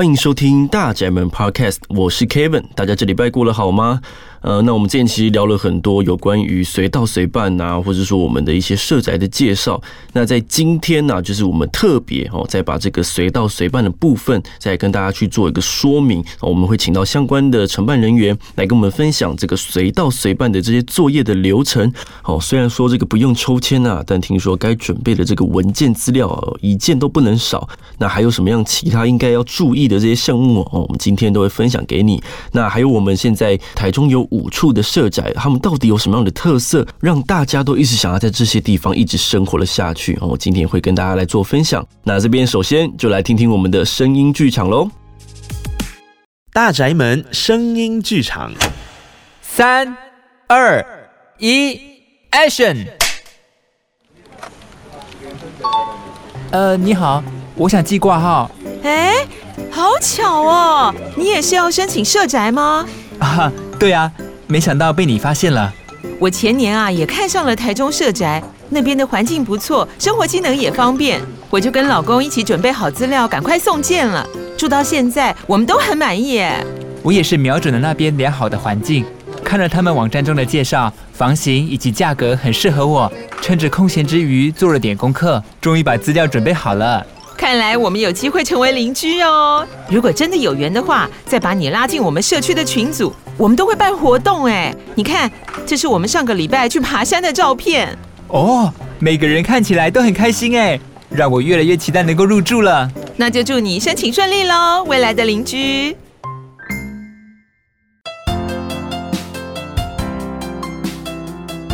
歡迎收聽《大宅們》Podcast，我是 Kevin，大家這禮拜過了好嗎？呃，那我們前期聊了很多有關於隨到隨辦吶、啊，或者說我們的一些社宅的介紹。那在今天呢、啊，就是我們特別哦，再把這個隨到隨辦的部分，再跟大家去做一個說明。我們會請到相關的承辦人員來跟我們分享這個隨到隨辦的這些作業的流程。哦，雖然說這個不用抽籤吶、啊，但聽說該準備的這個文件資料一件都不能少。那還有什麼樣其他應該要注意的這些項目哦？我們今天都會分享給你。那還有我們現在台中有。五處的社宅，他們到底有什麼樣的特色，讓大家都一直想要在這些地方一直生活了下去？我今天會跟大家來做分享。那這邊首先就來聽聽我們的聲音劇場嘍。大宅們聲音劇場，三二一，Action！呃，你好，我想寄掛號。哎，好巧哦，你也是要申請社宅嗎？ 對啊，對呀。沒想到被你發現了，我前年啊也看上了台中社宅，那邊的環境不錯，生活機能也方便，我就跟老公一起準備好資料，趕快送件了。住到現在，我們都很滿意。哎，我也是瞄準了那邊良好的環境，看了他們網站中的介紹，房型以及價格很適合我。趁着空閒之餘做了點功課，終於把資料準備好了。看來我們有機會成為鄰居哦。如果真的有緣的話，再把你拉進我們社區的群組。我們都會辦活動哎，你看，這是我們上個禮拜去爬山的照片哦。每個人看起來都很開心哎，讓我越來越期待能夠入住了。那就祝你申請順利嘍，未來的鄰居。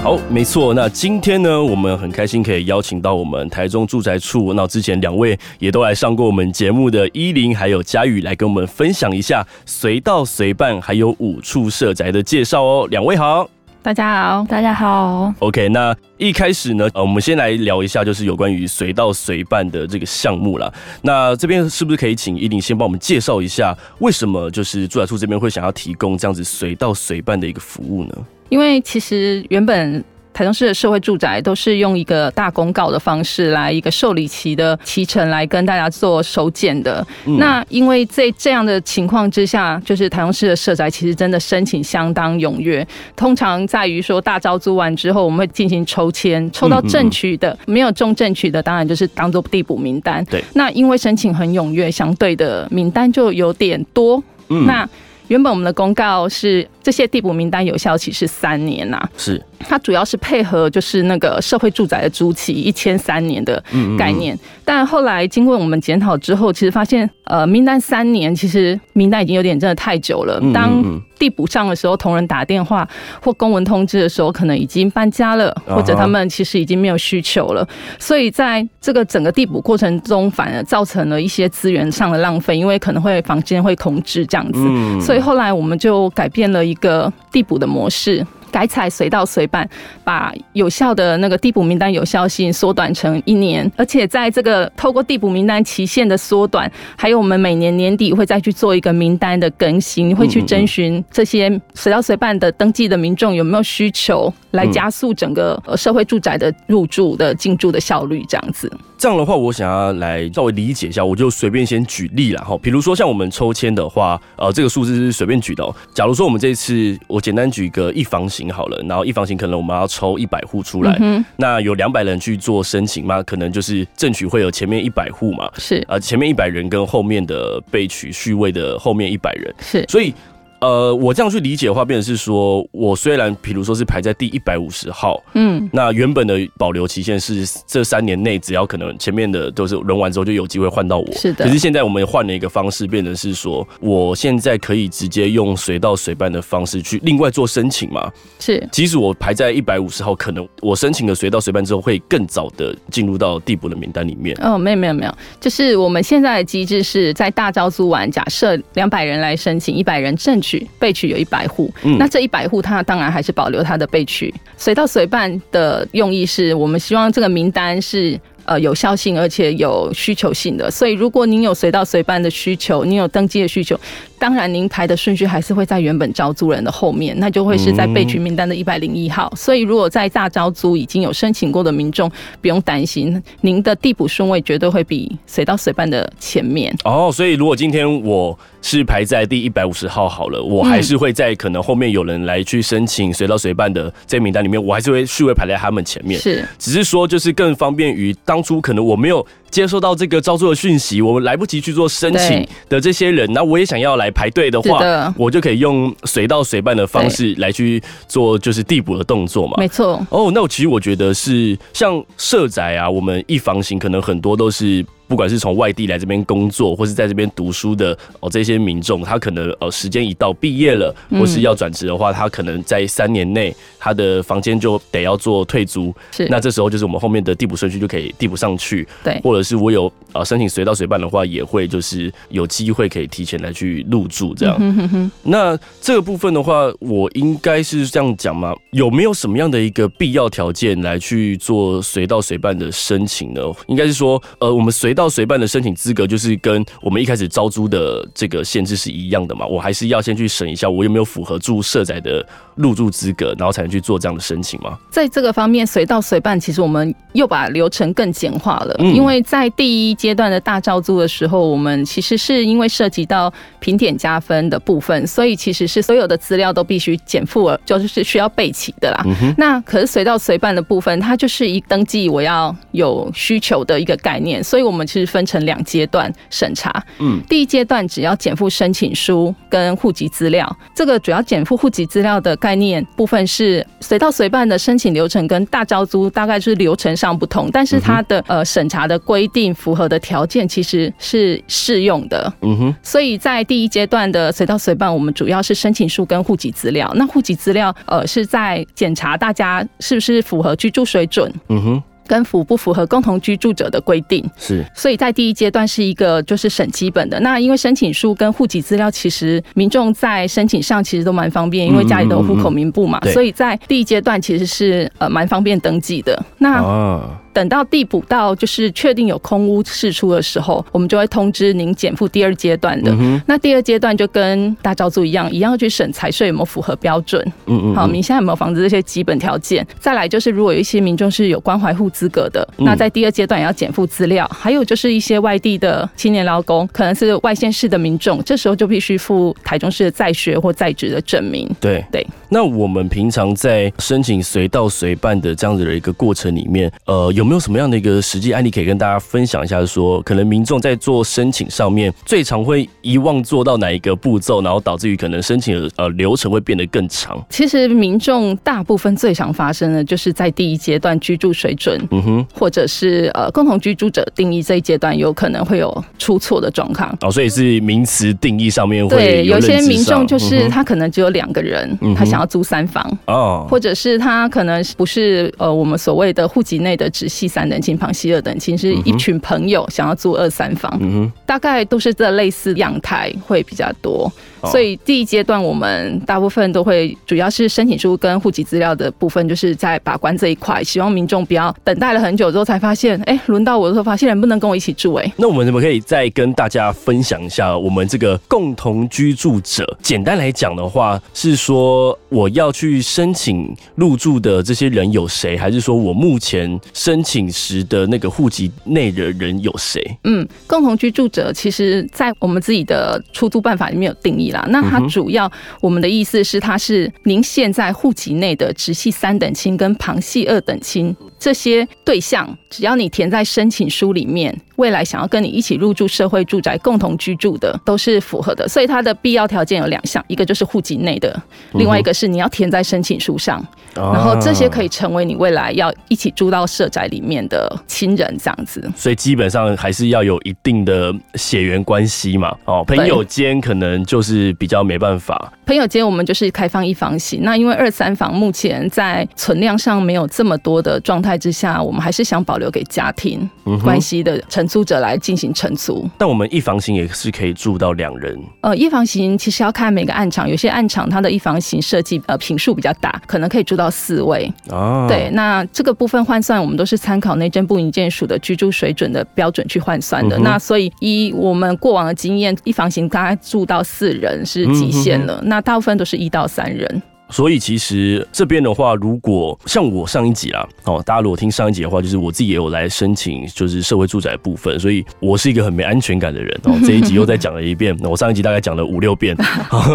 好，沒錯。那今天呢，我們很開心可以邀請到我們台中住宅處，那之前兩位也都來上過我們節目的依林還有佳宇，來跟我們分享一下隨到隨辦還有五處社宅的介紹哦。兩位好。大家好。大家好。OK，那一開始呢，呃，我們先來聊一下，就是有關於隨到隨辦的這個項目啦。那這邊是不是可以請依林先幫我們介紹一下，為什麼就是住宅處這邊會想要提供這樣子隨到隨辦的一個服務呢？因為其實原本台中市的社會住宅都是用一個大公告的方式來一個受理期的期程來跟大家做收件的。嗯。那因為在這樣的情況之下，就是台中市的社宅其實真的申請相當踴躍。通常在於說大招租完之後，我們會進行抽籤，抽到正取的，嗯嗯，沒有中正取的，當然就是當做遞補名單。對。那因為申請很踴躍，相對的名單就有點多。嗯。那。原本我們的公告是，這些遞補名單有效期是三年吶、啊。是。它主要是配合就是那個社會住宅的租期一千三年的概念，嗯嗯嗯，但後來經過我們檢討之後，其實發現呃名單三年其實名單已經有點真的太久了。嗯嗯嗯，當遞補上的時候，同仁打電話或公文通知的時候，可能已經搬家了，或者他們其實已經沒有需求了。啊、所以在這個整個遞補過程中，反而造成了一些資源上的浪費，因為可能會房間會空置這樣子。嗯嗯，所以後來我們就改變了一個遞補的模式。改採隨到隨辦，把有效的那個遞補名單有效性縮短成一年，而且在這個透過遞補名單期限的縮短，還有我們每年年底會再去做一個名單的更新，會去徵詢這些隨到隨辦的登記的民眾有沒有需求，來加速整個社會住宅的入住的進駐的效率，這樣子。這樣的話，我想要來稍微理解一下，我就隨便先舉例了哈。比如說，像我們抽籤的話，呃，這個數字是隨便舉的。假如說我們這次，我簡單舉一個一房型好了，然後一房型可能我們要抽一百戶出來，嗯，那有兩百人去做申請嘛？可能就是正取會有前面一百戶嘛？是，呃，前面一百人跟後面的備取序位的後面一百人是，所以。呃，我這樣去理解的話，變成是說，我雖然，比如說是排在第一百五十號，嗯，那原本的保留期限是這三年內，只要可能前面的都是輪完之後就有機會換到我，是的。可是現在我們換了一個方式，變成是說，我現在可以直接用隨到隨辦的方式去另外做申請嗎？是。即使我排在一百五十號，可能我申請了隨到隨辦之後，會更早的進入到遞補的名單裡面。哦，沒有沒有沒有，就是我們現在的機制是在大招租完，假設兩百人來申請，一百人正。去備取有一百戶，嗯，那這一百戶，他當然還是保留他的備取。隨到隨辦的用意是我們希望這個名單是呃有效性，而且有需求性的。所以，如果您有隨到隨辦的需求，您有登記的需求。當然，您排的順序還是會在原本招租人的後面，那就會是在備取名單的一百零一號，嗯。所以，如果在大招租已經有申請過的民眾，不用擔心，您的遞補順位絕對會比隨到隨辦的前面。哦，所以如果今天我是排在第一百五十號好了，我還是會在可能後面有人來去申請隨到隨辦的這名單裡面，我還是會序位排在他們前面。是，只是說就是更方便於當初可能我沒有。接收到這個招租的訊息，我們來不及去做申請的這些人，那我也想要來排隊的話的，我就可以用隨到隨辦的方式來去做，就是遞補的動作嘛。沒錯。哦，oh，那我其實我覺得是像社宅啊，我們一房型可能很多都是。不管是從外地來這邊工作，或是在這邊讀書的哦，這些民眾，他可能呃時間一到畢業了，或是要轉職的話，他可能在三年內他的房間就得要做退租，是，那這時候就是我們後面的遞補順序就可以遞補上去，對，或者是我有呃申請隨到隨辦的話，也會就是有機會可以提前來去入住這樣。嗯、哼哼，那這個部分的話，我應該是這樣講嘛？有沒有什麼樣的一個必要條件來去做隨到隨辦的申請呢？應該是說，呃，我們隨到隨辦的申請資格就是跟我們一開始招租的這個限制是一樣的嘛？我還是要先去審一下我有沒有符合住社宅的入住資格，然後才能去做這樣的申請嗎？在這個方面，隨到隨辦，其實我們又把流程更簡化了。嗯、因為在第一階段的大招租的時候，我們其實是因為涉及到評點加分的部分，所以其實是所有的資料都必須檢附，就是需要備齊的啦、嗯。那可是隨到隨辦的部分，它就是一登記我要有需求的一個概念，所以我們。就是分成兩階段審查，嗯，第一階段只要檢附申請書跟戶籍資料，這個主要檢附戶籍資料的概念部分是，隨到隨辦的申請流程跟大招租大概就是流程上不同，但是它的、嗯、呃審查的規定符合的條件其實是適用的，嗯哼，所以在第一階段的隨到隨辦，我們主要是申請書跟戶籍資料，那戶籍資料呃是在檢查大家是不是符合居住水準，嗯哼。跟符不符合共同居住者的規定是，所以在第一階段是一個就是審基本的。那因為申請書跟戶籍資料，其實民眾在申請上其實都蠻方便，因為家裡都有戶口名簿嘛，嗯嗯嗯，所以在第一階段其實是呃蠻方便登記的。那。啊等到遞補到就是確定有空屋釋出的時候，我們就會通知您檢附第二階段的、嗯。那第二階段就跟大招租一樣，一樣要去審財稅有沒有符合標準。嗯，嗯嗯。好，你現在有沒有房子這些基本條件？再來就是，如果有一些民眾是有關懷戶資格的，那在第二階段也要檢附資料、嗯。還有就是一些外地的青年勞工，可能是外縣市的民眾，這時候就必須附台中市的在學或在職的證明。對對。那我們平常在申請隨到隨辦的這樣子的一個過程裡面，呃，有沒有什麼樣的一個實際案例可以跟大家分享一下說，說可能民眾在做申請上面最常會遺忘做到哪一個步驟，然後導致於可能申請的呃流程會變得更長。其實民眾大部分最常發生的，就是在第一階段居住水準，嗯哼，或者是呃共同居住者定義這一階段有可能會有出錯的狀況。哦，所以是名詞定義上面會有認知上，對有些民眾就是他可能只有兩個人，嗯，他想。然後租三房，Oh. 或者是他可能不是呃，我們所謂的戶籍內的直系三等親、旁系二等親，是一群朋友想要租二三房，mm -hmm. 大概都是這類似陽台會比較多。所以第一階段，我們大部分都會主要是申請書跟戶籍資料的部分，就是在把關這一塊。希望民眾不要等待了很久之後才發現，哎、欸，輪到我的時候發現能不能跟我一起住、欸。哎，那我們怎麼可以再跟大家分享一下我們這個共同居住者？簡單來講的話，是說我要去申請入住的這些人有誰，還是說我目前申請時的那個戶籍內的人有誰？嗯，共同居住者其實，在我們自己的出租辦法裡面有定義了。那它主要，我們的意思是，它是您現在戶籍內的直系三等親跟旁系二等親這些對象，只要你填在申請書裡面。未來想要跟你一起入住社會住宅，共同居住的都是符合的，所以它的必要條件有兩項，一個就是戶籍內的，另外一個是你要填在申請書上，嗯，然後這些可以成為你未來要一起住到社宅裡面的親人這樣子。所以基本上還是要有一定的血緣關係嘛，哦，朋友間可能就是比較沒辦法。朋友間我們就是開放一房型，那因為二三房目前在存量上沒有這麼多的狀態之下，我們還是想保留給家庭關係的成。嗯租者來進行承租，但我們一房型也是可以住到兩人。呃，一房型其實要看每個案場，有些案場它的一房型設計呃坪數比較大，可能可以住到四位。哦、啊，對，那這個部分換算我們都是參考內政部營建署的居住水準的標準去換算的、嗯。那所以依我們過往的經驗，一房型大概住到四人是極限了、嗯，那大部分都是一到三人。所以其實這邊的話，如果像我上一集啦，哦，大家如果聽上一集的話，就是我自己也有來申請，就是社會住宅的部分。所以，我是一個很沒安全感的人哦。這一集又再講了一遍，我上一集大概講了五六遍。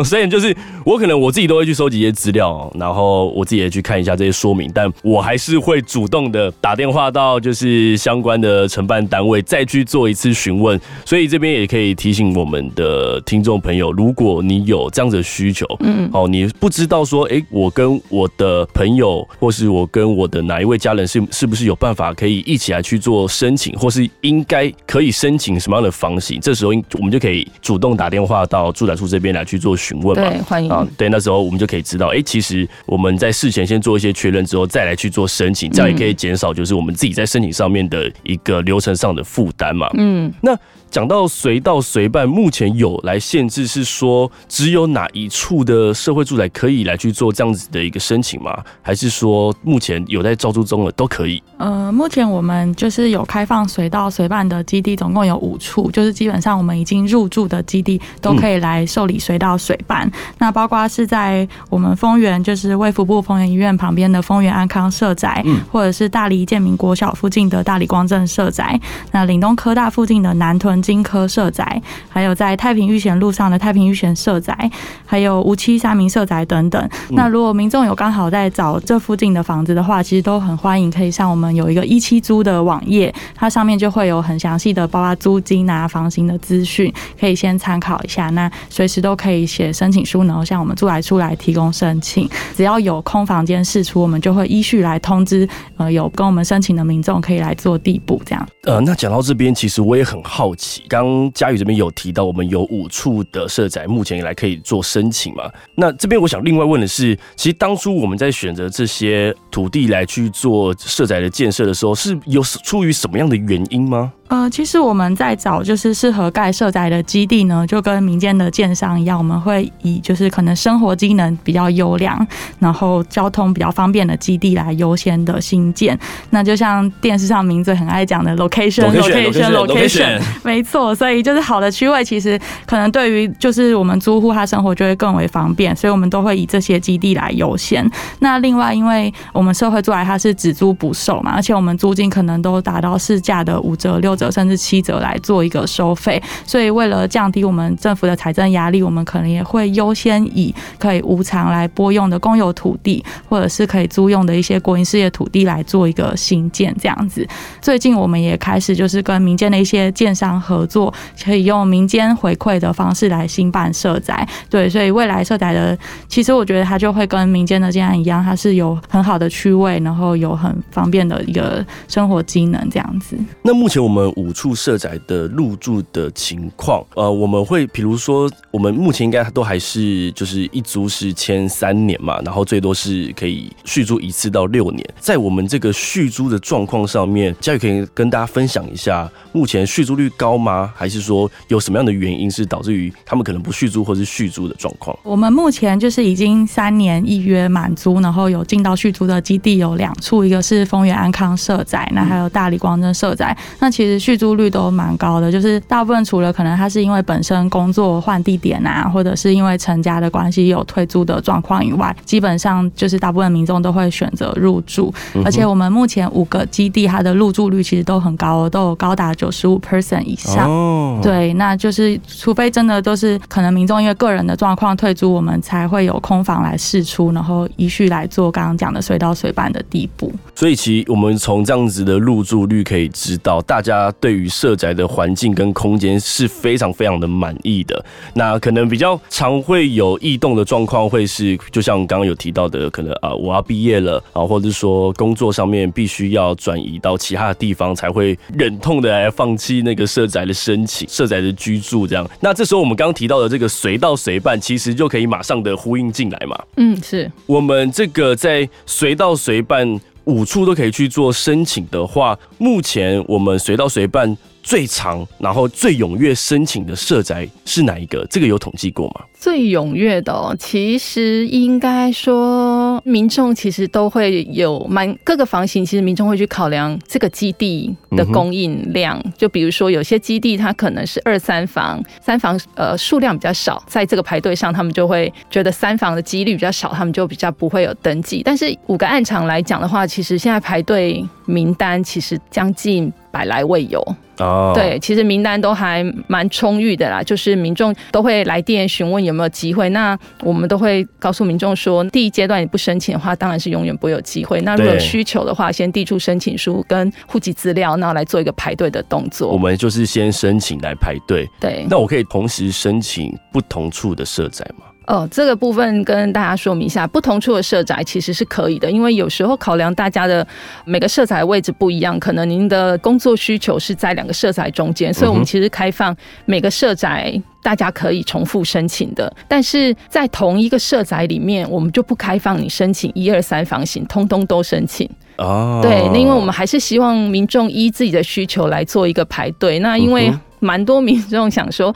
所以就是我可能我自己都會去收集一些資料，然後我自己也去看一下這些說明，但我還是會主動的打電話到就是相關的承辦單位，再去做一次詢問。所以這邊也可以提醒我們的聽眾朋友，如果你有這樣子的需求，嗯，哦，你不知道說。哎、欸，我跟我的朋友，或是我跟我的哪一位家人是，是是不是有辦法可以一起來去做申請，或是應該可以申請什麼樣的房型？這時候我們就可以主動打電話到住宅處這邊來去做詢問嘛。對，歡迎。對，那時候我們就可以知道，哎、欸，其實我們在事前先做一些確認之後，再來去做申請，這樣也可以減少就是我們自己在申請上面的一個流程上的負擔嘛。嗯，那。講到隨到隨辦，目前有來限制是說，只有哪一處的社會住宅可以來去做這樣子的一個申請嗎？還是說目前有在招租中的都可以？呃，目前我們就是有開放隨到隨辦的基地，總共有五處，就是基本上我們已經入住的基地都可以來受理隨到隨辦。嗯、那包括是在我們豐原，就是衛福部豐原醫院旁邊的豐原安康社宅，嗯、或者是大里建民國小附近的大里光正社宅，那嶺東科大附近的南屯金科社宅，還有在太平育賢路上的太平育賢社宅，還有梧棲三民社宅等等。嗯、那如果民眾有剛好在找這附近的房子的話，其實都很歡迎，可以向我們有一個一七租的網頁，它上面就會有很詳細的，包括租金啊、房型的資訊，可以先參考一下。那隨時都可以寫申請書，然後向我們住宅處來提供申請。只要有空房間釋出，我們就會依序來通知。呃，有跟我們申請的民眾可以來做遞補這樣。呃，那講到這邊，其實我也很好奇。剛佳宇這邊有提到，我們有五處的社宅，目前以來可以做申請嘛？那這邊我想另外問的是，其實當初我們在選擇這些土地來去做社宅的建設的時候，是有出於什麼樣的原因嗎？呃，其實我們在找就是適合蓋社宅的基地呢，就跟民間的建商一樣，我們會以就是可能生活機能比較優良，然後交通比較方便的基地來優先的興建。那就像電視上名字很愛講的 location，location location, location, location, location, location, location 沒錯。所以就是好的區位，其實可能對於就是我們租戶他生活就會更為方便，所以我們都會以這些基地來優先。那另外，因為我們社會住宅它是只租不售嘛，而且我們租金可能都達到市價的五折六。甚至七折來做一個收費，所以為了降低我們政府的財政壓力，我們可能也會優先以可以無償來撥用的公有土地，或者是可以租用的一些國營事業土地來做一個新建這樣子。最近我們也開始就是跟民間的一些建商合作，可以用民間回饋的方式來興辦社宅。對，所以未來社宅的，其實我覺得它就會跟民間的建案一樣，它是有很好的區位，然後有很方便的一個生活機能這樣子。那目前我們。五處社宅的入住的情況，呃，我們會比如說，我們目前應該都還是就是一租是簽三年嘛，然後最多是可以續租一次到六年。在我們這個續租的狀況上面，嘉宇可以跟大家分享一下，目前續租率高嗎？還是說有什麼樣的原因是導致於他們可能不續租或是續租的狀況？我們目前就是已經三年一約滿租，然後有進到續租的基地有兩處，一個是豐原安康社宅，那還有大里光正社宅，那其實。其實續租率都蠻高的，就是大部分除了可能他是因為本身工作換地點啊，或者是因為成家的關係有退租的狀況以外，基本上就是大部分民眾都會選擇入住。而且我們目前五個基地它的入住率其實都很高，都有高達九十五 percent 以上。Oh. 對，那就是除非真的都是可能民眾因為個人的狀況退租，我們才會有空房來釋出，然後依序來做剛剛講的隨到隨辦的地步。所以其實我們從這樣子的入住率可以知道大家。他對於社宅的環境跟空間是非常非常的滿意的。那可能比較常會有異動的狀況，會是就像剛剛有提到的，可能啊我要畢業了啊，或者說工作上面必須要轉移到其他的地方，才會忍痛的來放棄那個社宅的申請、社宅的居住這樣。那這時候我們剛剛提到的這個隨到隨辦，其實就可以馬上的呼應進來嘛。嗯，是我們這個在隨到隨辦。五處都可以去做申請的話，目前我們隨到隨辦。最長，然後最踴躍申請的社宅是哪一個？這個有統計過嗎？最踴躍的，其實應該說民眾其實都會有蠻各個房型，其實民眾會去考量這個基地的供應量、嗯。就比如說有些基地它可能是二三房，三房呃數量比較少，在這個排隊上他們就會覺得三房的幾率比較少，他們就比較不會有登記。但是五個案場來講的話，其實現在排隊名單其實將近。百來位有哦，oh. 對，其實名單都還蠻充裕的啦，就是民眾都會來電詢問有沒有機會，那我們都會告訴民眾說，第一階段你不申請的話，當然是永遠不會有機會。那如果需求的話，先遞出申請書跟戶籍資料，然後來做一個排隊的動作。我們就是先申請來排隊。對，那我可以同時申請不同處的社宅嗎？哦，這個部分跟大家說明一下，不同處的社宅其實是可以的，因為有時候考量大家的每個社宅的位置不一樣，可能您的工作需求是在兩個社宅中間，所以我們其實開放每個社宅大家可以重複申請的，嗯、但是在同一個社宅裡面，我們就不開放你申請一二三房型，通通都申請。哦，對，那因為我們還是希望民眾依自己的需求來做一個排隊。那因為蠻多民眾想說。嗯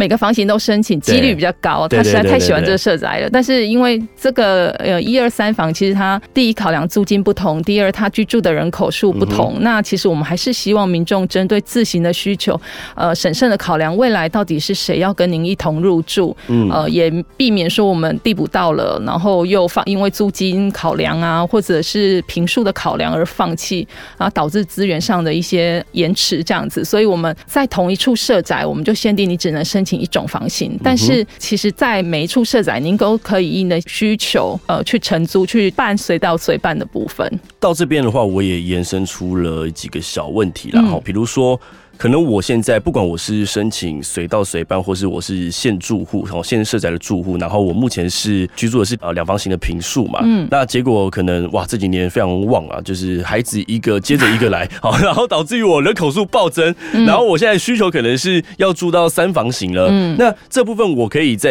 每個房型都申請，幾率比較高，對對對對對對，他實在太喜歡這個社宅了。但是因為這個呃一二三房，其實他第一考量租金不同，第二他居住的人口數不同、嗯。那其實我們還是希望民眾針對自行的需求，呃，審慎的考量未來到底是誰要跟您一同入住、嗯。呃，也避免說我們遞補到了，然後又放因為租金考量啊，或者是平數的考量而放棄，啊，導致資源上的一些延遲這樣子。所以我們在同一處社宅，我們就限定你只能申請。一種房型，但是其實，在每一處社宅您都可以應的需求，呃，去承租去辦隨到隨辦的部分。到這邊的話，我也延伸出了幾個小問題，然後比如說。可能我現在不管我是申請隨到隨辦，或是我是現住戶，然後現社宅的住戶，然後我目前是居住的是呃兩房型的坪數嘛，嗯，那結果可能哇這幾年非常旺啊，就是孩子一個接着一個來，啊、好，然後導致於我人口數暴增，嗯，然後我現在需求可能是要住到三房型了，嗯，那這部分我可以在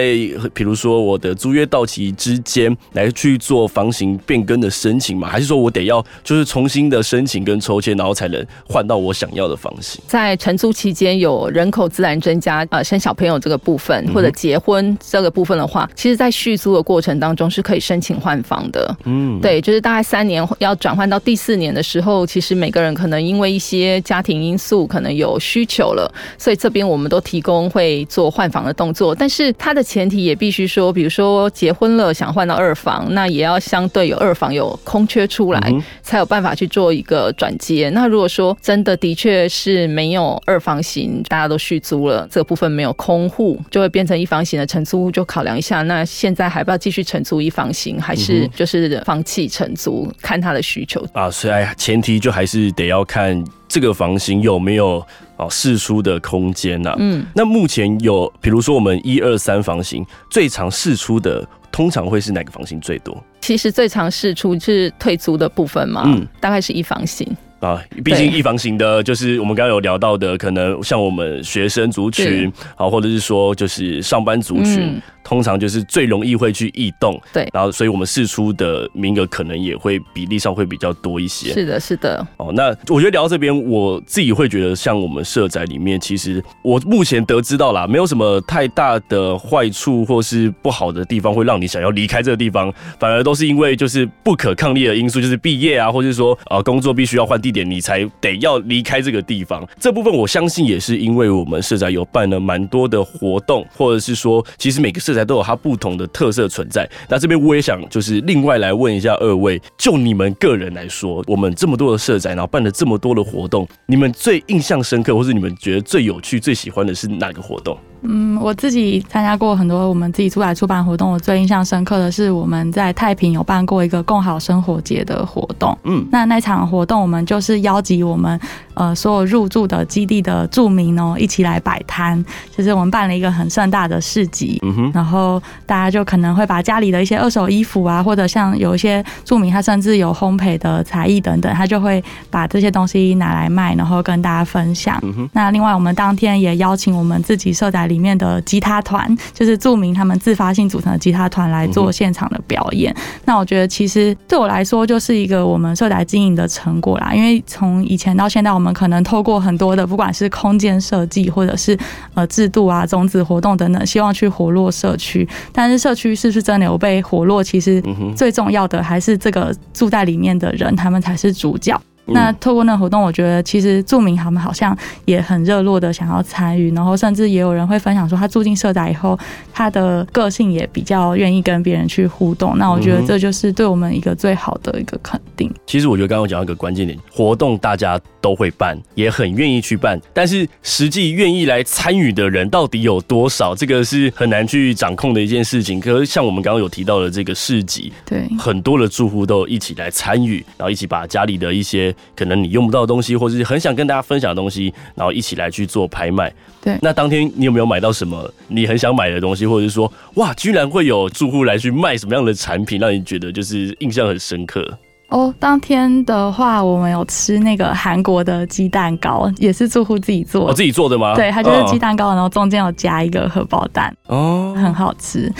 比如說我的租約到期之間來去做房型變更的申請嘛？還是說我得要就是重新的申請跟抽籤，然後才能換到我想要的房型，在。承租期間有人口自然增加，呃，生小朋友這個部分或者結婚這個部分的話，其實，在續租的過程當中是可以申請換房的。嗯，對，就是大概三年要轉換到第四年的時候，其實每個人可能因為一些家庭因素，可能有需求了，所以這邊我們都提供會做換房的動作。但是它的前提也必須說，比如說結婚了想換到二房，那也要相對有二房有空缺出來，嗯、才有辦法去做一個轉接。那如果說真的的確是沒有。二房型大家都續租了，這個、部分沒有空戶，就會變成一房型的承租戶，就考量一下，那現在還不要繼續承租一房型，還是就是放棄承租，看他的需求啊？所以前提就還是得要看這個房型有沒有哦釋出的空間吶、啊。嗯，那目前有，比如說我們一二三房型最常釋出的，通常會是哪個房型最多？其實最常釋出是退租的部分嘛，嗯，大概是一房型。啊，畢竟一房型的，就是我們剛剛有聊到的，可能像我們學生族群，啊，或者是說就是上班族群，嗯、通常就是最容易會去異動，對，然後所以我們釋出的名額可能也會比例上會比較多一些。是的，是的。哦，那我覺得聊到這邊，我自己會覺得，像我們社宅裡面，其實我目前得知到啦，沒有什麼太大的壞處或是不好的地方，會讓你想要離開這個地方，反而都是因為就是不可抗力的因素，就是畢業啊，或者是說啊，工作必須要換地。一點，你才得要離開這個地方。這部分我相信也是因為我們社宅有辦了蠻多的活動，或者是說，其實每個社宅都有它不同的特色存在。那這邊我也想就是另外來問一下二位，就你們個人來說，我們這麼多的社宅，然後辦了這麼多的活動，你們最印象深刻，或是你們覺得最有趣、最喜歡的是哪個活動？嗯，我自己參加過很多我們自己出來出版活動，我最印象深刻的是我們在太平有辦過一個“共好生活節”的活動。嗯，那那場活動我們就是邀集我們。呃，所有入住的基地的住民哦，一起來擺攤，就是我們辦了一個很盛大的市集，嗯哼。然後大家就可能會把家裡的一些二手衣服啊，或者像有一些住民，他甚至有烘焙的才藝等等，他就會把這些東西拿來賣，然後跟大家分享。嗯哼。那另外，我們當天也邀請我們自己社宅裡面的吉他團，就是住民他們自發性組成的吉他團來做現場的表演。嗯哼。那我覺得，其實對我來說，就是一個我們社宅經營的成果啦，因為從以前到現在，我們可能透過很多的，不管是空間設計，或者是呃制度啊、種子活動等等，希望去活絡社區。但是社區是不是真的有被活絡？其實最重要的還是這個住在裡面的人，他們才是主角。那透過那個活動，我覺得其實住民他們好像也很熱絡的想要參與，然後甚至也有人會分享說，他住進社宅以後，他的個性也比較願意跟別人去互動。那我覺得這就是對我們一個最好的一個肯定。嗯。其實我覺得剛剛我講到一個關鍵點，活動大家都會辦，也很願意去辦，但是實際願意來參與的人到底有多少，這個是很難去掌控的一件事情。可是像我們剛剛有提到的這個市集，對，很多的住戶都一起來參與，然後一起把家裡的一些。可能你用不到的東西，或者是很想跟大家分享的東西，然後一起來去做拍賣。對，那當天你有沒有買到什麼你很想買的東西，或者是說，哇，居然會有住戶來去賣什麼樣的產品，讓你覺得就是印象很深刻？哦，當天的話，我們有吃那個韓國的雞蛋糕，也是住戶自己做的。哦，自己做的嗎？對，它就是雞蛋糕，嗯，然後中間有加一個荷包蛋，哦，很好吃。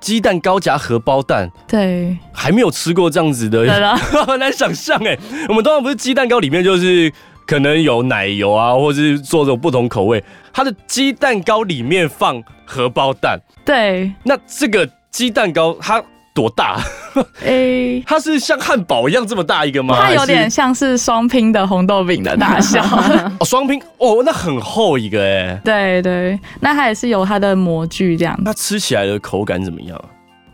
雞蛋糕夾荷包蛋，對，還沒有吃過這樣子的，對啦，很 難想象欸。我們通常不是雞蛋糕裡面就是可能有奶油啊，或是做這種不同口味，它的雞蛋糕裡面放荷包蛋，對，那這個雞蛋糕它多大？哎， 它是像漢堡一樣這麼大一個嗎？它有點像是雙拼的紅豆餅的大小。 哦，雙拼哦，那很厚一個哎、欸。對對，那它也是有它的模具這樣。那吃起來的口感怎麼樣？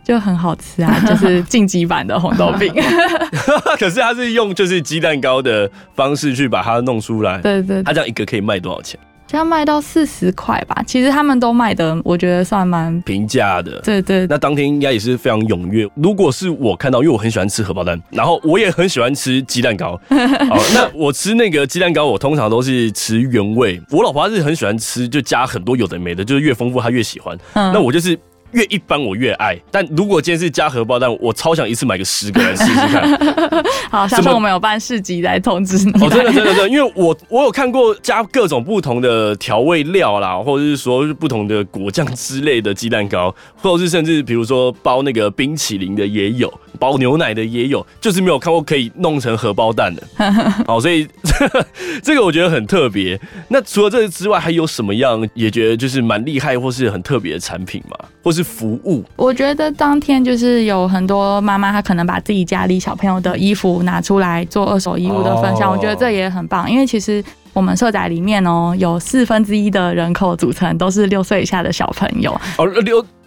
就很好吃啊，就是晉級版的紅豆餅。 可是它是用就是雞蛋糕的方式去把它弄出來。對，對對，它這樣一個可以賣多少錢？要賣到四十塊吧，其實他們都賣的，我覺得算蠻平價的。對對、對，那當天應該也是非常踴躍。如果是我看到，因為我很喜歡吃荷包蛋，然後我也很喜歡吃雞蛋糕。 好，那我吃那個雞蛋糕，我通常都是吃原味。我老婆是很喜歡吃，就加很多有的沒的，就是越豐富，她越喜歡。嗯、那我就是。越一般我越愛，但如果今天是加荷包蛋，我超想一次買個十個來試試看。 好，下回我們有辦市集來通知你。哦，真的真的真的，因為我我有看過加各種不同的調味料啦，或者是說不同的果醬之類的雞蛋糕，或者是甚至比如說包那個冰淇淋的也有，包牛奶的也有，就是沒有看過可以弄成荷包蛋的。 好，所以呵呵這個我覺得很特別。那除了這個之外，還有什麼樣也覺得就是蠻厲害或是很特別的產品嗎？或是服務，我覺得當天就是有很多媽媽，她可能把自己家裡小朋友的衣服拿出來做二手衣物的分享，oh. 我覺得這也很棒，因為其實我們社宅裡面哦，有四分之一的人口組成都是六歲以下的小朋友，oh.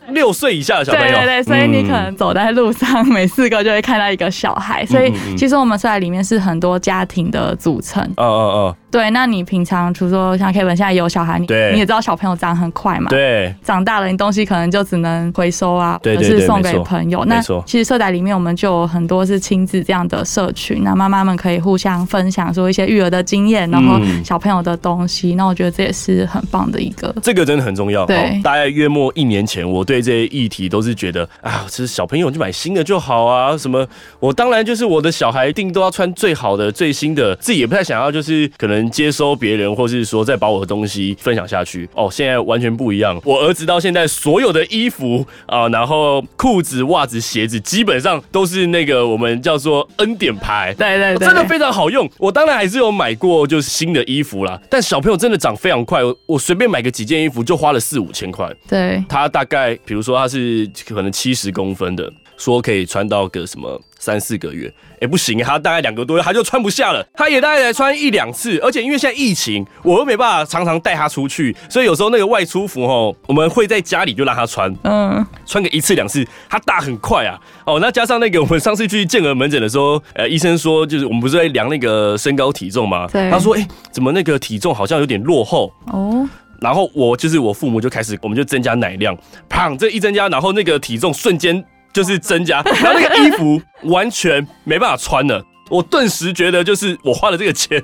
六歲以下的小孩。對對對，所以你可能走在路上，每四個就會看到一個小孩。嗯、所以其實我們社宅裡面是很多家庭的組成。哦哦哦，對。那你平常，比如說像 Kevin 現在有小孩，你你也知道小朋友長很快嘛。對。長大了，你東西可能就只能回收啊，對對對對，或是送給朋友。那其實社宅裡面我們就有很多是親子這樣的社群，那媽媽們可以互相分享說一些育兒的經驗，然後小朋友的東西、嗯。那我覺得這也是很棒的一個。這個真的很重要。對。大概約莫一年前，我對這些議題都是覺得啊，其實小朋友就買新的就好啊。什麼？我當然就是我的小孩一定都要穿最好的、最新的。自己也不太想要，就是可能接收別人，或是說再把我的東西分享下去。哦，現在完全不一樣。我兒子到現在所有的衣服啊，呃，然後褲子、襪子、鞋子，基本上都是那個我們叫做恩典牌。對對對，對。哦，真的非常好用。我當然還是有買過，就是新的衣服啦。但小朋友真的長非常快，我，我隨便買個幾件衣服就花了四五千塊。對，他大概。比如說他是可能七十公分的，說可以穿到個什麼三四個月，哎，不行，他大概兩個多月他就穿不下了，他也大概來穿一兩次，而且因為現在疫情，我又沒辦法常常帶他出去，所以有時候那個外出服哦，我們會在家裡就讓他穿，嗯，穿個一次兩次，他大很快啊。哦，那加上那個我們上次去健兒門診的時候，呃，醫生說就是我們不是在量那個身高體重嗎？對，他說哎，怎麼那個體重好像有點落後哦。然後我就是我父母就開始，我們就增加奶量，砰，這一增加，然後那個體重瞬間就是增加，然後那個衣服完全沒辦法穿了，我頓時覺得就是我花了這個錢，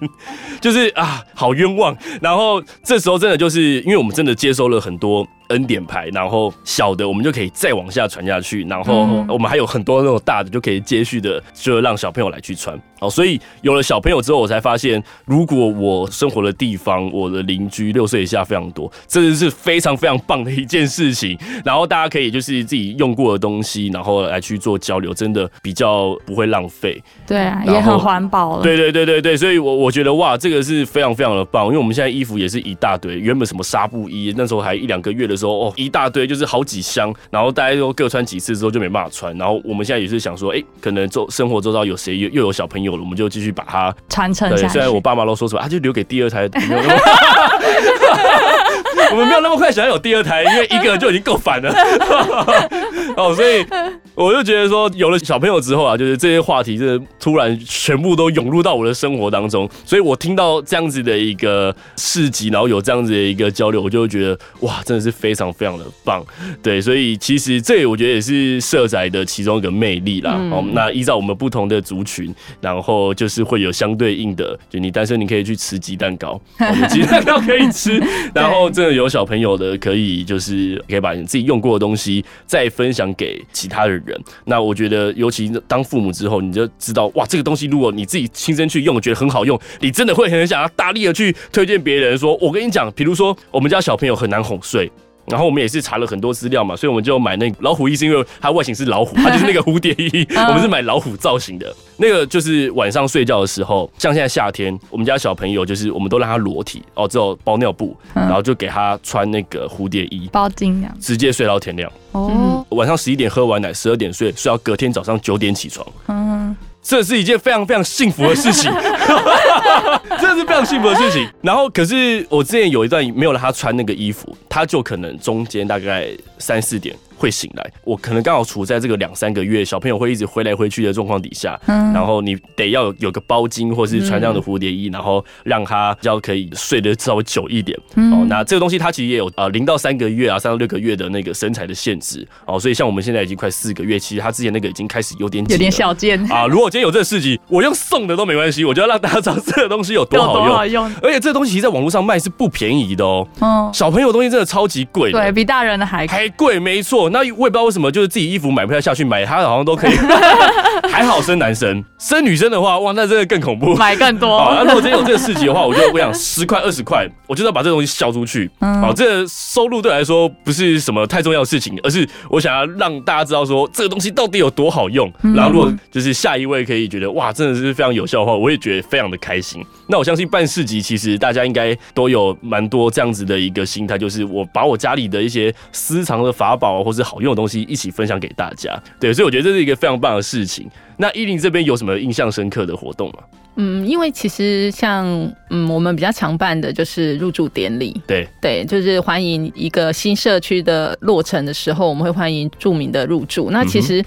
就是啊好冤枉。然後這時候真的就是因為我們真的接收了很多。分點牌，然後小的我們就可以再往下傳下去，然後我們還有很多那種大的就可以接續的，就讓小朋友來去穿。哦，所以有了小朋友之後，我才發現，如果我生活的地方，我的鄰居六歲以下非常多，真的是非常非常棒的一件事情。然後大家可以就是自己用過的東西，然後來去做交流，真的比較不會浪費，對啊，也很環保了。對對對對對，所以我我覺得哇，這個是非常非常的棒，因為我們現在衣服也是一大堆，原本什麼紗布衣，那時候還一兩個月的時候。說哦一大堆，就是好幾箱，然後大家都各穿幾次之後就沒辦法穿，然後我們現在也是想說，哎、欸，可能做生活做到有誰又又有小朋友了，我們就繼續把它傳承下來。雖然我爸媽都說什麼，他、啊、就留給第二胎， 我們沒有那麼快想要有第二胎，因為一個人就已經夠煩了。 哦，所以我就覺得說，有了小朋友之後啊，就是這些話題真的突然全部都湧入到我的生活當中。所以我聽到這樣子的一個市集，然後有這樣子的一個交流，我就覺得哇，真的是非常非常的棒。對，所以其實這我覺得也是色彩的其中一個魅力啦，嗯。哦，那依照我們不同的族群，然後就是會有相對應的，就你單身，你可以去吃雞蛋糕，我們雞蛋糕可以吃， 然後真的有小朋友的可以就是可以把你自己用過的東西再分。分享給其他的人，那我覺得，尤其當父母之後，你就知道，哇，這個東西如果你自己親身去用，覺得很好用，你真的會很想要大力的去推薦別人說。說我跟你講，比如說我們家小朋友很難哄睡。然後我們也是查了很多資料嘛，所以我們就買那個老虎衣，是因為它外形是老虎，它就是那個蝴蝶衣。我們是買老虎造型的那個，就是晚上睡覺的時候，像現在夏天，我們家小朋友就是我們都讓他裸體哦，之後包尿布，然後就給他穿那個蝴蝶衣，包巾直接睡到天亮。哦，晚上十一點喝完奶，十二點睡，睡到隔天早上九點起床。嗯，這是一件非常非常幸福的事情。 這是非常幸福的事情。然後，可是我之前有一段沒有讓他穿那個衣服，他就可能中間大概三四點會醒來。我可能剛好處在這個兩三個月小朋友會一直回來回去的狀況底下，嗯，然後你得要有個包巾或是穿這樣的蝴蝶衣，然後讓他比較可以睡得稍微久一點。哦，那這個東西他其實也有啊，零到三個月啊，三到六個月的那個身材的限制。哦，所以像我們現在已經快四個月，其實他之前那個已經開始有點有點小件啊。如果今天有這個事情，我用送的都沒關係，我就要讓大家知道這個東西有。多好用，而且這東西在網絡上賣是不便宜的哦。小朋友東西真的超級貴，對比大人的還還貴，沒錯。那我也不知道為什麼，就是自己衣服買不下下去，買它好像都可以。還好生男生，生女生的話，哇，那真的更恐怖，買更多。好，那如果真用有這個事情的話，我就我想十塊二十塊，我就要把這東西銷出去。嗯，好，這收入對來說不是什麼太重要的事情，而是我想要讓大家知道說這個東西到底有多好用。然後如果就是下一位可以覺得哇，真的是非常有效的話，我也覺得非常的開心。那我相信辦市集，其實大家應該都有蠻多這樣子的一個心態，就是我把我家裡的一些私藏的法寶或是好用的東西一起分享給大家。對，所以我覺得這是一個非常棒的事情。那依琳這邊有什麼印象深刻的活動嗎？嗯，因為其實像嗯，我們比較常辦的就是入住典禮，對對，就是歡迎一個新社區的落成的時候，我們會歡迎住民的入住。那其實，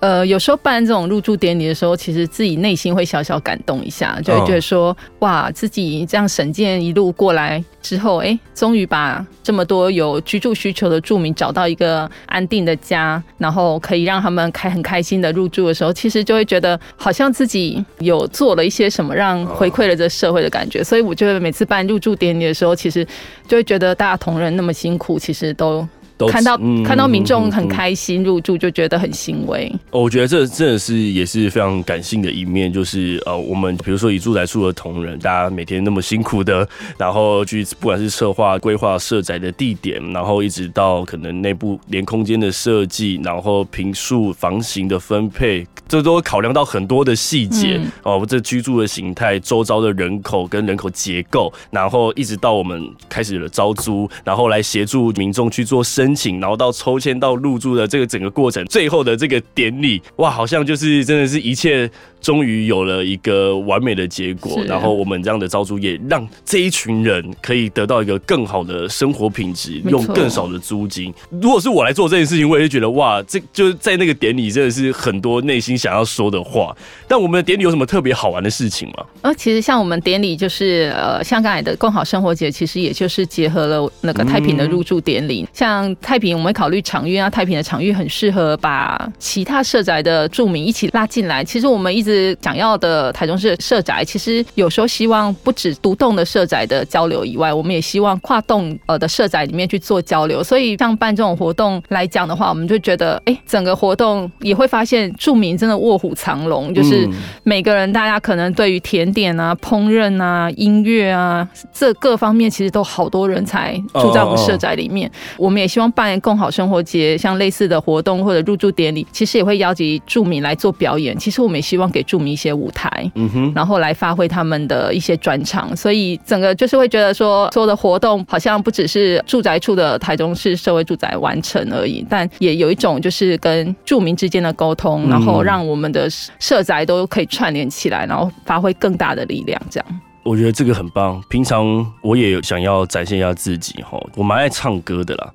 嗯、呃，有時候辦這種入住典禮的時候，其實自己內心會小小感動一下，就會覺得說、哦，哇，自己這樣省建一路過來之後，哎、欸，終於把這麼多有居住需求的住民找到一個安定的家，然後可以讓他們開很開心的入住的時候，其實就會覺得好像自己有做了一些。些什麼讓回饋了這社會的感覺，所以我覺得每次辦入住典禮的時候，其實就會覺得大家同仁那麼辛苦，其實都。都看到看到民眾很開心，嗯嗯嗯嗯，入住就覺得很欣慰哦。我覺得這真的是也是非常感性的一面，就是呃，我們比如說以住宅處的同仁，大家每天那麼辛苦的，然後去不管是策劃規劃社宅的地點，然後一直到可能內部連空間的設計，然後坪數房型的分配，這都考量到很多的細節，嗯，哦。這居住的形態、周遭的人口跟人口結構，然後一直到我們開始了招租，然後來協助民眾去做設。申請，然後到抽籤到入住的這個整個過程，最後的這個典禮，哇，好像就是真的是一切終於有了一個完美的結果。然後我們這樣的招租，也讓這一群人可以得到一個更好的生活品質，用更少的租金。如果是我來做這件事情，我也是覺得哇，這就是在那個典禮真的是很多內心想要說的話。但我們的典禮有什麼特別好玩的事情嗎？呃，其實像我們典禮就是呃，香港的共好生活節，其實也就是結合了那個太平的入住典禮，嗯、像。太平，我們會考慮場域啊。太平的場域很適合把其他社宅的住民一起拉進來。其實我們一直想要的台中市社宅，其實有時候希望不止獨棟的社宅的交流以外，我們也希望跨棟呃的社宅裡面去做交流。所以像辦這種活動來講的話，我們就覺得，哎、欸，整個活動也會發現住民真的臥虎藏龍、嗯，就是每個人大家可能對於甜點啊、烹飪啊、音樂啊這各方面，其實都好多人才住在我們社宅裡面。Oh, oh, oh. 我們也希望。辦共好生活節，像類似的活動或者入住典禮，其實也會邀集住民來做表演。其實我們也希望給住民一些舞台，嗯哼，然後來發揮他們的一些專長。所以整個就是會覺得說，做的活動好像不只是住宅處的台中市社會住宅完成而已，但也有一種就是跟住民之間的溝通，然後讓我們的社宅都可以串聯起來，然後發揮更大的力量，這樣。我覺得這個很棒。平常我也想要展現一下自己，哈，我蠻愛唱歌的啦。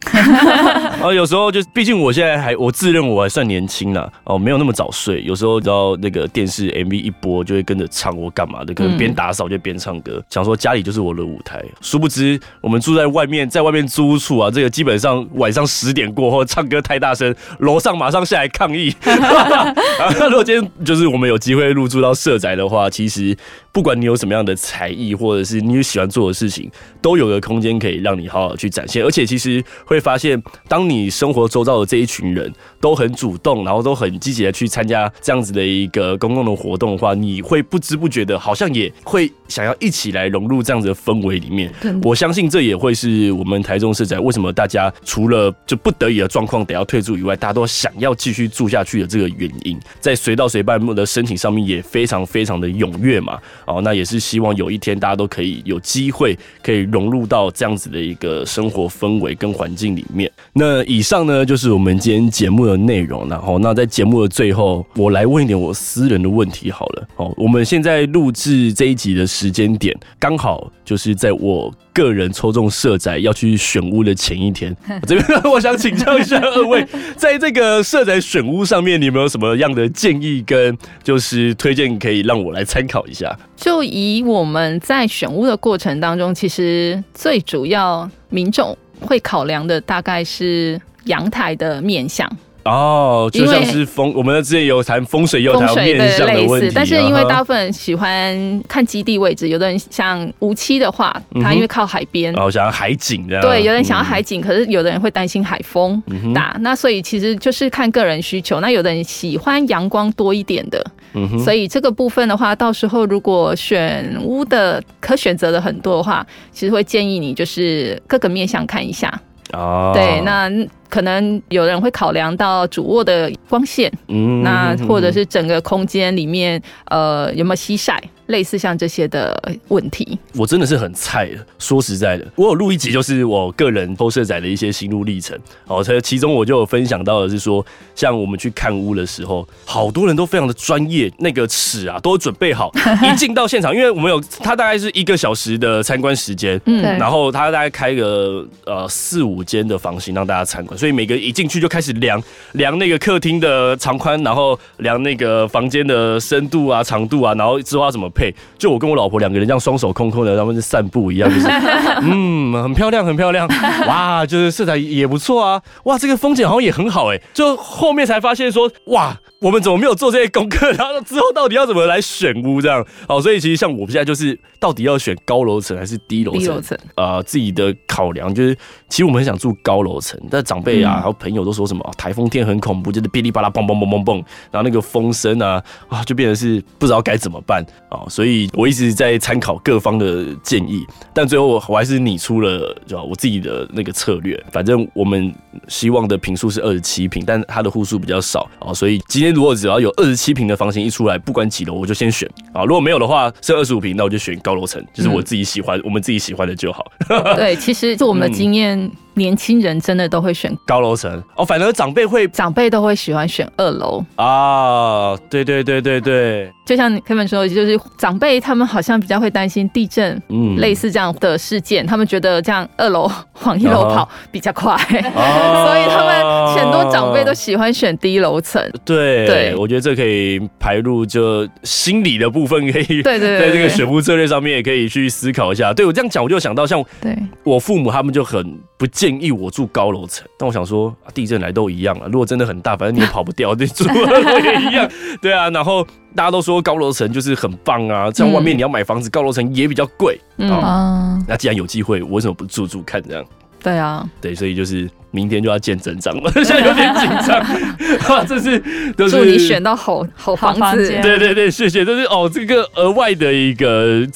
啊，有時候就，畢竟我現在還，我自認我還算年輕啦，哦，沒有那麼早睡。有時候只要那個電視 MV 一播，就會跟着唱，我幹嘛的？可能邊打掃就邊唱歌，嗯，想說家裡就是我的舞台。殊不知，我們住在外面，在外面租屋處啊，這個基本上晚上十點過後唱歌太大聲，樓上馬上下來抗議。 如果今天就是我們有機會入住到社宅的話，其實不管你有什麼樣的才才藝或者是你有喜歡做的事情，都有個空間可以讓你好好去展現。而且其實會發現，當你生活周遭的這一群人都很主動，然後都很積極的去參加這樣子的一個公共的活動的話，你會不知不覺的，好像也會想要一起來融入這樣子的氛圍裡面。我相信這也會是我們台中社宅為什麼大家除了就不得已的狀況得要退出以外，大家都想要繼續住下去的這個原因。在隨到隨辦的申請上面也非常非常的踴躍嘛。哦，那也是希望有。有一天，大家都可以有機會，可以融入到這樣子的一個生活氛圍跟環境裡面。那以上呢，就是我們今天節目的內容。然後，那在節目的最後，我來問一點我私人的問題好了。哦，我們現在錄製這一集的時間點，剛好就是在我個人抽中社宅要去選屋的前一天。這 邊 我想請教一下二位，在這個社宅選屋上面，你有沒有什麼樣的建議跟就是推薦可以讓我來參考一下？就以我們在選屋的過程當中，其實最主要民眾會考量的，大概是陽台的面向。哦，就像是風，我們之前有談風水，有談面向的問題的類似。但是因為大部分人喜歡看基地位置，呵呵有的人像梧棲的話，他因為靠海邊，然、嗯、後、哦、想要海景的、啊。對，有人想要海景，嗯、可是有的人會擔心海風大、嗯，那所以其實就是看個人需求。那有的人喜歡陽光多一點的、嗯哼，所以這個部分的話，到時候如果選屋的可選擇的很多的話，其實會建議你就是各個面向看一下。哦、oh.，對，那可能有人會考量到主臥的光線，嗯，那或者是整個空間裡面，呃，有沒有西曬？類似像這些的問題，我真的是很菜。說實在的，我有錄一集，就是我個人跑社宅的一些心路歷程。哦，在其中我就有分享到的是說，像我們去看屋的時候，好多人都非常的專業，那個尺啊都準備好。一進到現場， 因為我們有他大概是一個小時的參觀時間，嗯，然後他大概開個呃四五間的房型讓大家參觀，所以每個一進去就開始量量那個客廳的長寬，然後量那個房間的深度啊、長度啊，然後之後要怎麼。就我跟我老婆兩個人，這樣雙手空空的，他們在散步一樣，就是，嗯，很漂亮，很漂亮，哇，就是色彩也不錯啊，哇，這個風景好像也很好哎、欸，就後面才發現說，哇。我們怎麼沒有做這些功課？然後之後到底要怎麼來選屋這樣？哦，所以其實像我們現在就是到底要選高樓層還是低樓層？低樓層。啊、呃，自己的考量就是，其實我們很想住高樓層，但長輩啊、嗯，還有朋友都說什麼啊，颱風天很恐怖，就是劈哩啪啦，嘣嘣嘣嘣嘣，然後那個風聲啊，啊，就變成是不知道該怎麼辦啊。所以我一直在參考各方的建議，但最後我還是擬出了就我自己的那個策略。反正我們希望的坪數是二十七坪，但它的戶數比較少啊，所以今天。如果只要有二十七平的房型一出來，不管幾樓，我就先選啊。如果沒有的話，剩二十五平，那我就選高樓層，就是我自己喜歡、嗯，我們自己喜歡的就好。 對，其實就我們的經驗、嗯。年輕人真的都會選高樓層哦，反而長輩會，長輩都會喜歡選二樓啊。對對對對對，就像你他們說，就是長輩他們好像比較會擔心地震，嗯，類似這樣的事件，他們覺得這樣二樓往一樓跑，啊、比較快，欸啊 啊，所以他們很多長輩都喜歡選低樓層。對對，我覺得這可以排入就心理的部分，可以對對、對、對、對對，在這個選屋策略上面也可以去思考一下。對我這樣講，我就想到像對，我父母他們就很。不建議我住高樓層，但我想說、啊，地震來都一樣啊。如果真的很大，反正你也跑不掉， 你住二樓也一樣。對啊，然後大家都說高樓層就是很棒啊。像外面你要買房子，嗯、高樓層也比較貴。嗯、啊哦，那既然有機會，我為什麼不住住看這樣？對啊，對，所以就是。明天就要見真章了，現在有點緊張。哈、啊啊，這是，都是祝你選到好好房子。對對對，謝謝。這是哦，這個額外的一個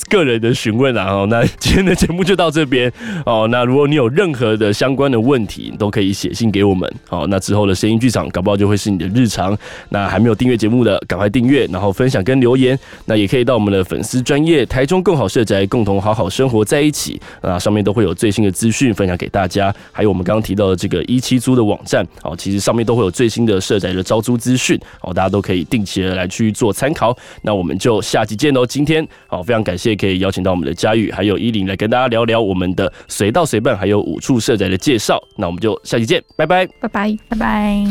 個人的詢問啊。哦，那今天的節目就到這邊哦。那如果你有任何的相關的問題，都可以寫信給我們。哦，那之後的聲音劇場搞不好就會是你的日常。那還沒有訂閱節目的，趕快訂閱，然後分享跟留言。那也可以到我們的粉絲專業台中共好社宅，共同好好生活在一起。啊，上面都會有最新的資訊分享給大家，還有我們剛剛提到的，這個一七租的網站，好，其實上面都會有最新的社宅的招租資訊，好，大家都可以定期的來去做參考。那我們就下期見嘍，哦！今天好，非常感謝可以邀請到我們的佳玉還有依琳來跟大家聊聊我們的隨到隨辦還有五處社宅的介紹。那我們就下期見，拜拜，拜拜，拜拜。